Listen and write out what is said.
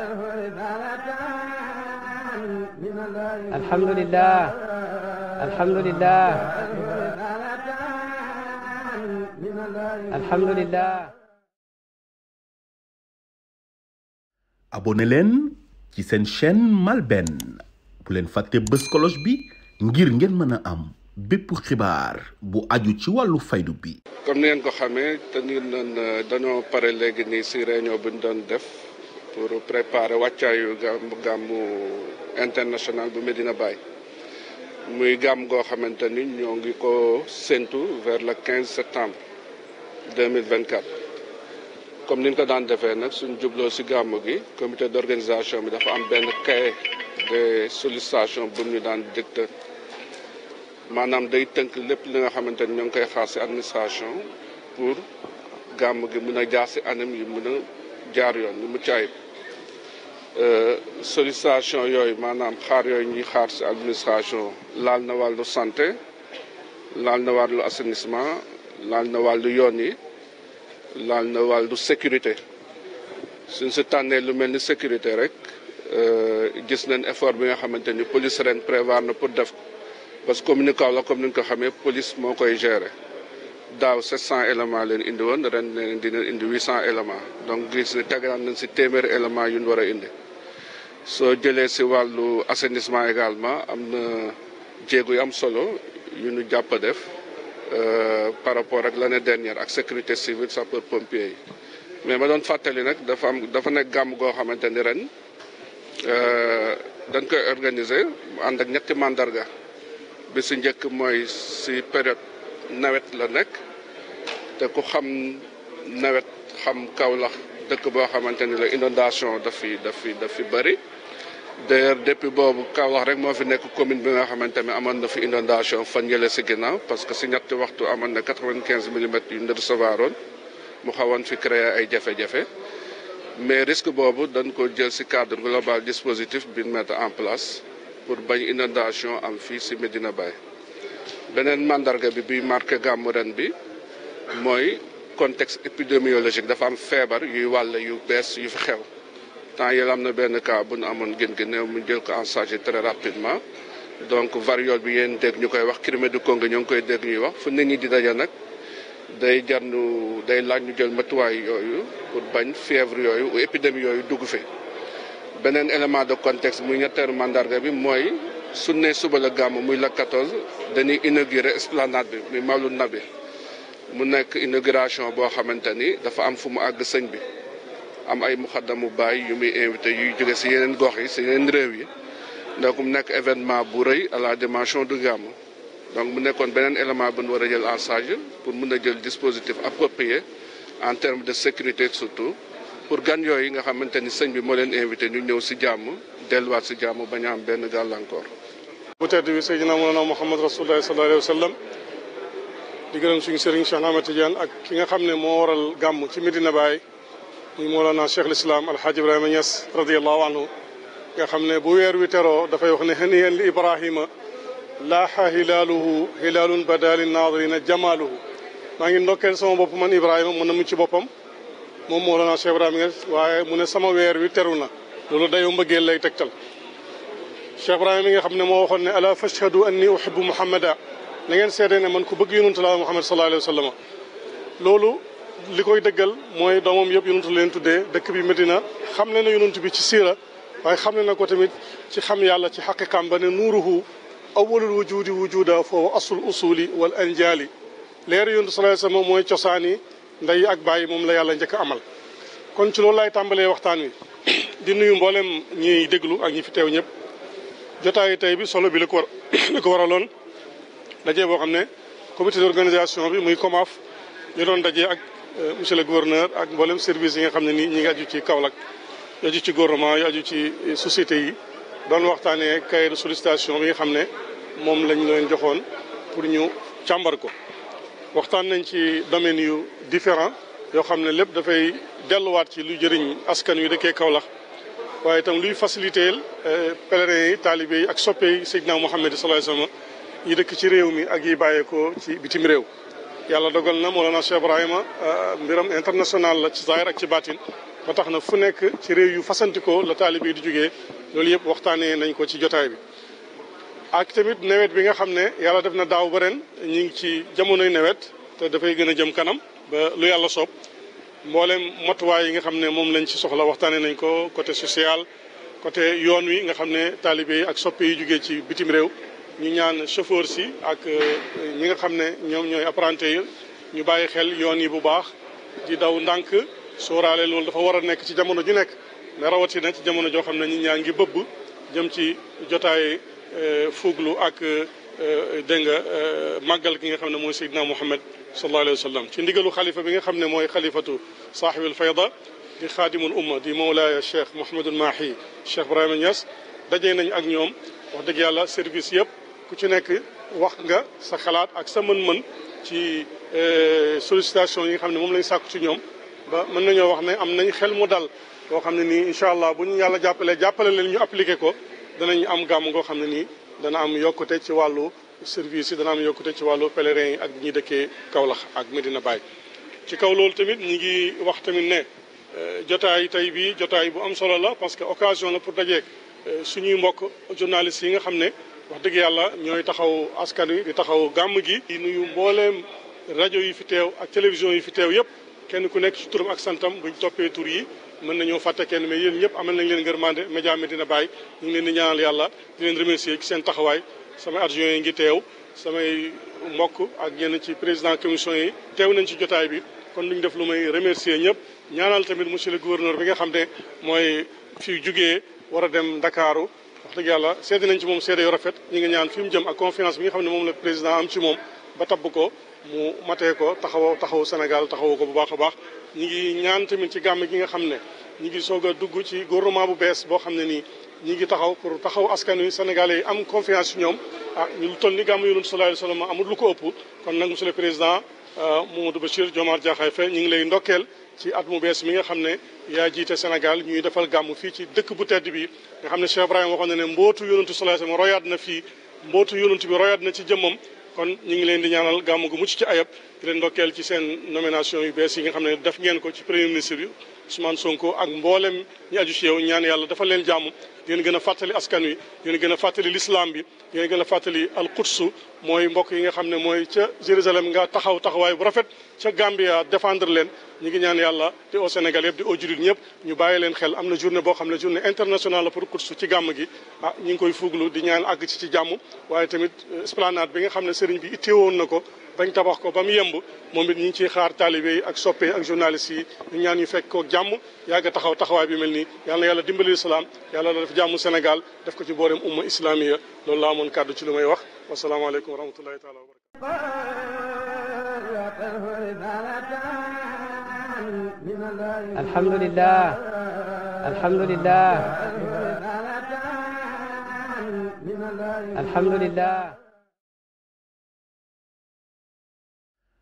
alhamdulilah alhamdulilah alhamdulilah. abonné leen ci seen chaîne MALBN bu leen fàtte bës cloche bi ngir ngeen mën a am bépp xibaar bu aju ci wàllu faydu bi. comme ni ngeen ko xamee te ni euh, dañoo pare léegi nii si réunion bi def. pour préparer wàccaayu gàmmu gàmmu international bu Medina Baye muy gàmm goo xamante ni ñoo ngi ko séntu vers le quinze septembre deux mille vingt quatre comme ni ko daan defee nag suñ jubloo si gàmm gi comité d' organisation bi dafa am benn cahier de sollicitation bu ñu daan dicté maanaam day tënk lépp li nga xamante ni ñoo ngi koy xaar si administration pour gàmm gi mun a jaar si anam yi mun a jaar yoon mu mucc sollicitation yooyu maanaam xaar yooyu ñuy xaar si administration laal na wàllu santé laal na wàllu assainissement laal na wàllu yoon yi laal na wàll lu sécurité suñ si tànnee lu mel ni sécurité rek gis nañ effort bi nga xamante ni police ren prévoir na pour def parce que comme ni kaw la comme ni nga ko xamee police moo koy gérer. daaw 700 éléments leen indi woon ren ne dina indi 800 éléments donc gis ne tegaan nañ si téeméeri éléments yu ñu war a indi soo jëlee si wàllu assainissement également am na jéego am solo yu ñu jàpp def euh, par rapport ak l'année dernière ak sécurité civile sapeur pompier yi mais ma doon fàttali nag dafa am dafa nekk gàmm goo xamante ni ren euh, dañ koy organiser ànd ak ñetti mandarga bi si njëkk mooy si période nawet la nekk te ku xam nawet xam Kaolack dëkk boo xamante ni la inondation daf fi daf fi daf fi bëri d'ailleurs depuis boobu Kaolack rek moo fi nekk commune bi nga xamante ne amoon na fi inondation fan yële si ginnaaw parce que si ñetti waxtu amoon na quatre-vingt-quinze millimètres yu ñu recevoir mu xawoon fi créer ay jafe-jafe mais risque boobu dan ko jël si cadre global dispositif bi mettre en place pour bañ inondation am fii si Medina Baye beneen màndarga bi bi marqué gàmmu ren bi mooy contexte épidémiologique dafa am feebar yuy wàll yu bees yu fi xew temps yële am na benn cas bu nu amoon gën gi néew mu jël ko en charge très rapidement donc variole bi yéen dégg ñu koy wax Crimée du Congo ñoo ngi koy dégg ñuy wax fu ne ñi di daje nag day jar ñu day laaj ñu jël matuwaay yooyu pour bañ fièvre yooyu ou épidémie yooyu dugg fi beneen élément de contexte mu ñetteelu mandarga bi mooy su ne suba la gàmm muy la 14 dañuy inaugurer esplanade bi muy na bi mu nekk inauguration boo xamante ni dafa am fu mu àgg sëñ bi am ay mu bàyyi yu muy invité yuy jóge si yeneen gox yi si yeneen réew yi donc mu nekk événement bu rëy à la dimension du gàmm donc mu nekkoon beneen élément bu nu war a jël en charge pour mun a jël dispositif approprié en terme de sécurité surtout pour gan yooyu nga xamante ni sëñ bi moo leen invité ñu ñëw si jàmm delluwaat si jàmm bañ a benn gàllankoor. bu tedd bi Seydina Mawlana Muhammad Rasulullah sallallahu alayhi wa sallam di gërëm suñu sëriñ Cheikh Ahmed Tidiane ak ki nga xam ne moo waral gàmm ci Medina Baye muy Mawlana Cheikh l'Islam Alhaaj Ibrahima Niass radiallahu anhu nga xam ne bu weer wi teroo dafay wax ne haniyan li Ibrahima laaxa hilaaluhu hilaalun badaali naadirina jamaaluhu maa ngi ndokkeel sama bopp man Ibrahima mën na mu ci boppam moom Mawlana Cheikh waaye mu ne sama weer wi teru na loolu dayoo mbëggeel lay tegtal Cheikh Ibrahima mi nga xam ne moo waxoon ne ala fashhadu anni uhibbu muhammada na ngeen seede ne man ku bëgg yonantu laa muhammad sallallahu alayhi wa sallam loolu li koy dëggal mooy doomam yëpp yonantu leen tuddee dëkk bi Medina xam ne na yonantu bi ci siira waaye xam ne na ko tamit ci xam yàlla ci xaqiqam ba ne nuuruhu awalul wujudi wujuda foofu asul usuli wal anjaali leeru yonantu sallallahu alayhi wa sallam mooy cosaan yi ndey ak bàyyi moom la yàlla njëkk amal kon ci loolu laay tàmbalee waxtaan wi di nuyu mboolem ñiy déglu ak ñi fi ñëpp jotaayu tey bi solo bi li ko war waraloon daje boo xam ne comité d'organisation bi muy COMAF ñu doon daje ak euh, monsieur le gouverneur ak mboolem service yi nga xam ne nii ñi ngi aju ci Kaolack yu aju ci gouvernement yu aju ci euh, société yi doon waxtaanee cahier de sollicitation bi nga xam ne moom lañ leen joxoon pour ñu càmbar ko waxtaan nañ ci domaines yu différents yoo xam ne lépp dafay delluwaat ci lu jëriñ askan wi dëkkee kawlax waaye itam luy faciliter euh, pèlerin yi taalibe yi ak soppe yi Seydina Muhammad sallallahu alayhi wa sallam yi dëkk ci réew mi ak yi bàyyeekoo ci bitim réew yàlla dogal na Mawlana Cheikh Ibrahima euh, mbiram international la ci zahir ak ci baatin ba tax na fu nekk ci réew yu fasantikoo la taalibe di jógee loolu yëpp waxtaanee nañ ko ci jotaay bi ak tamit nawet bi nga xam ne yàlla def na daaw ba ren ñu ngi ci jamonoy nawet te dafay gën a jëm kanam ba lu yàlla soob mboolem matuwaay yi nga xam ne moom lañ ci soxla waxtaanee nañ ko côté social côté yoon wi nga xam ne taalibe yi ak soppe yi jugee ci bitim réew ñu ñaan chauffeur si ak euh, ñi nga xam ne ñoom ñooy apprenti ñu bàyyi xel yoon yi bu baax di daw ndànk sóoraale loolu dafa war a nekk ci jamono ju nekk mais rawatina ci jamono joo xam ne ñi ñaa ngi bëbb jëm ci jotaay euh, fuglu ak Euh, dégg nga euh, màggal ki nga xam ne mooy Seydina Mouhamed sallallahu alayhi wa sallam ci ndigalu xalifa bi nga xam ne mooy xalifatu saaxibil fayda di xaadimul umma di mawlaaya cheikh Mouhamadul Mahi cheikh Ibrahima Niass dajee nañ ak ñoom wax dëgg yàlla service yëpp ku ci nekk wax nga sa xalaat ak sa mën-mën ci euh, sollicitation yi nga xam ne moom lañ sàkku ci ñoom ba mën nañoo wax ne am nañ xel mu dal boo xam ne nii incha allah bu ñu yàlla jàppalee jàppale leen ñu appliqué ko danañ am gàmm goo xam ne nii dana am yokkute ci wàllu service yi dana am yokkute ci wàllu pèlerins yi ak ñi dëkkee Kaolack ak Medina Baye. ci kaw loolu tamit ñi ngi wax tamit ne euh, jotaay tey bii jotaay bu am solo la parce que occasion la pour dajeek euh, suñuy mbokk journalistes yi nga xam ne wax dëgg yàlla ñooy taxaw askan wi di taxaw gàmm gi. di nuyu mbooleem rajo yi fi teew ak télévision yi fi teew yëpp. kenn ku nekk ci turam ak santam buñ toppee tur yi mën nañoo fàtte kenn mais yéen ñëpp amal nañ leen ngërmande média Medina Baye ñu ngi leen di ñaanal yàlla di leen remercier ci seen taxawaay sama adjoint yi ngi teew samay mbokk ak ñenn ci président commission yi teew nañ ci jotaay bi kon lu ñu def lu may remercier ñëpp ñaanal tamit monsieur le gouverneur bi nga xam ne mooy fi jugee war a dem ndakaaru wax dëgg yàlla seede nañ ci moom seede yu rafet ñi nga ñaan fi mu jëm ak confiance bi nga xam ne moom la président am ci moom ba tabb ko mu matee ko taxaw taxaw Sénégal taxawu ko bu baax a baax ñi ngi ñaan tamit ci gàmm gi nga xam ne ñi ngi soog a dugg ci gouvernement bu bees boo xam ne nii ñi ngi taxaw pour taxaw askan wi sénégal yi am confiance ci ñoom ah ñu toll ni gàmm yonent sallallahu alayhi wasallam amul lu ko ëpp kon nag monsieur le président euh, Mamadou Bachir Diomaye Diakhar Faye ñu ngi lay ndokkeel ci at mu bees mi nga xam ne yaa jiite Sénégal ñuy defal gàmm fii ci dëkk bu tedd bi nga xam ne Cheikh Ibrahima waxoon na mbootu yonent sallallahu alayhi wasallam royaat na fii mbootu yonent bi royaat na ci jëmmam kon ñu ngi leen di ñaanal gàmm gu mucc ci ayib di leen ndokkeel ci seen nomination yu bees yi nga xam ne def ngeen ko ci premier ministre bi Ousmane Sonko ak mboolem ñu aju si yow ñaan yàlla dafa leen jàmm yéen gën a fàttali askan wi yéen gën a fàttali lislaam bi yéen gën a fàttali alqudsu mooy mbokk yi nga xam ne mooy ca Jérusalem nga taxaw taxawaay bu rafet ca Gambia défendre leen ñu ngi ñaan yàlla di au Sénégal yëpp di au jullit ñëpp ñu bàyyi leen xel am na journée boo xam ne journée internationale la pour Quds ci gàmm gi ah ñu ngi koy fuglu di ñaan àgg ci ci jàmm waaye tamit euh, esplanade bi nga xam ne sëriñ bi itteewoon na ko bañ tabax ko ba mu yemb moom it ñu ngi ciy xaar taalibe ak soppe ak journaliste yi ñaan ñu fekk ko jàmm yàgg taxaw taxawaay bi mel ni yàlla na yàlla dimbali islam yàlla na def jàmm Sénégal def ko ci boolem umma islamiya loolu laa amoon kàddu ci lu may wax wasalaamaaleykum wa rahmatullahi taala wa barakatu alhamdulilah alhamdulilah alhamdulilah